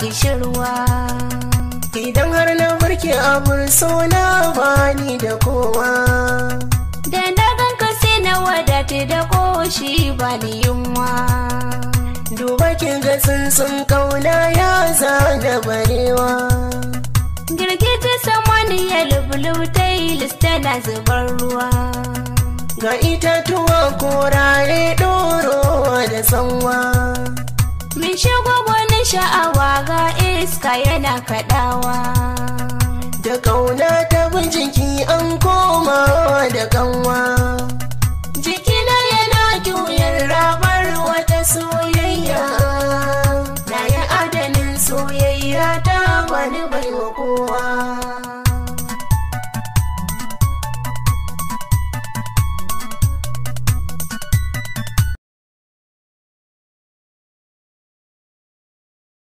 kishirwa idan har na abun so na bani da kowa da na ka sai na wadata da koshi bani yunwa duba kin ga sun kauna ya zana barewa samani ya lublub ta yi na zubar ruwa ga itatuwa korare ɗorowa da sanwa min shagwagwanin sha'awa a da ƙauna ta jiki an koma da kanwa jikina yana juyar rabar wata soyayya na yi adanin soyayya ta wani baiwa kowa